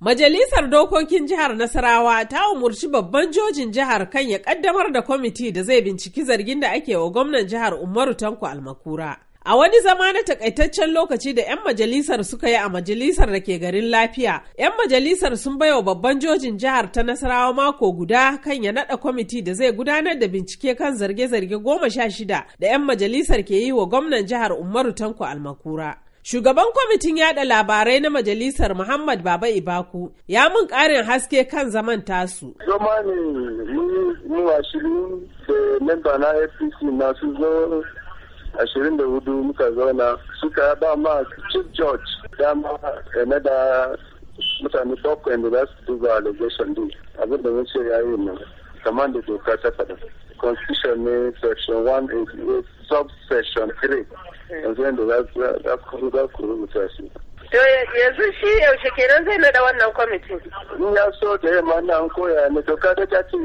Majalisar Dokokin Jihar Nasarawa ta umurci babban jojin jihar kan ya kaddamar da kwamiti da zai binciki zargin da ake wa gwamnan jihar Umaru Tanko Almakura. A wani zama na takaitaccen lokaci da 'yan majalisar suka yi a majalisar da ke garin lafiya, 'yan majalisar sun bai wa babban jojin jihar ta Nasarawa mako guda kan ya naɗa kwamiti da zai gudanar da bincike kan zarge-zarge goma sha shida da 'yan majalisar ke yi wa gwamnan jihar Umaru Tanko Almakura. Shugaban kwamitin yada labarai na majalisar Muhammad Baba Ibaku ya mun karin haske kan zaman tasu. Zoma ne mu ashirin da eh, memba na APC na zo ashirin da hudu muka zauna suka ba ma Chief George dama game da mutane bakwai da za su duba allegation din abin da mun ce yi nan. kamar da doka ta faɗa constitution ne section 188 subsection 3 eh. yanzu yadda za ku za ku rubuta shi to yanzu shi yaushe kenan zai nada wannan kwamitin Ni ya so da yamma na an koya ne doka ta ta ce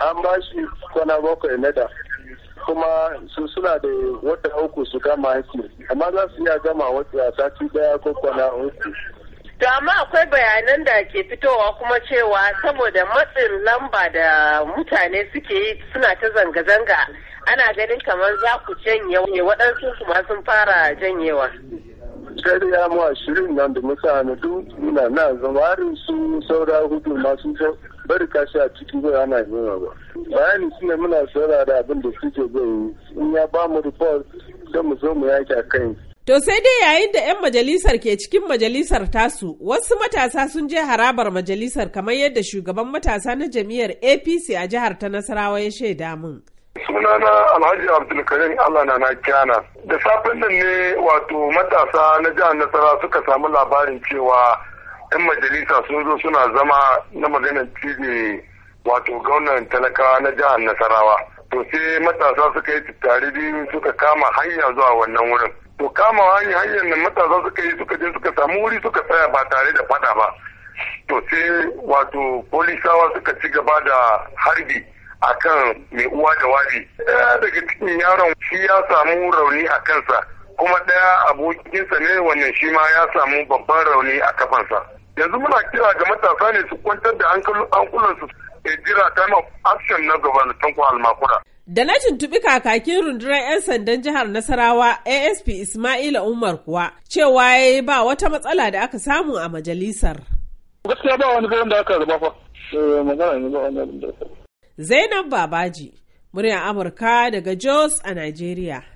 an ba shi kwana bakwai nada kuma su suna da wata uku su gama aiki amma za su iya gama wata sati daya ko kwana uku To amma akwai bayanan da ke fitowa kuma cewa saboda matsin lamba da mutane suke yi suna ta zanga-zanga ana ganin kamar za ku janye waɗansu su ma sun fara janyewa. Shari'a ma shirin nan da mutane duk na na zama su saura hudu masu bari kashi a ciki zai ana nuna ba. Bayani suna muna da abin da suke zai yi in ya ba mu report don mu zo mu yaki a kai. To sai dai yayin da 'yan majalisar ke cikin majalisar tasu, wasu matasa sun je harabar majalisar kamar yadda shugaban matasa na jam'iyyar APC a jihar ta Nasarawa ya shaida mun. sunana alhaji abdulkarim allah na kyana da safen nan ne wato matasa na jihar nasara suka samu labarin cewa 'yan majalisa sun zo suna zama na maganar cire wato gwamnan talakawa na jihar nasarawa to sai matasa suka yi tattare biyu suka kama hanya zuwa wannan wurin to kama hanyar hanyar nan matasa suka yi suka je suka samu wuri suka tsaya ba tare da fada ba to sai wato polisawa suka ci gaba da harbi akan mai uwa da wari. ɗaya daga cikin yaron shi ya samu rauni a kansa kuma ɗaya abokinsa ne wannan shi ma ya samu babban rauni a kafansa yanzu muna kira ga matasa ne su kwantar da hankulansu jira time of action na kwa almakura Da na tuntuɓi kakakin rundunar 'yan sandan jihar Nasarawa ASP Ismaila Umar kuwa cewa ya yi ba wata matsala da aka samu a majalisar. Gaskiya ba wani da aka zaba fa. Eh, Zainab Babaji, muryar Amurka daga Jos a Najeriya.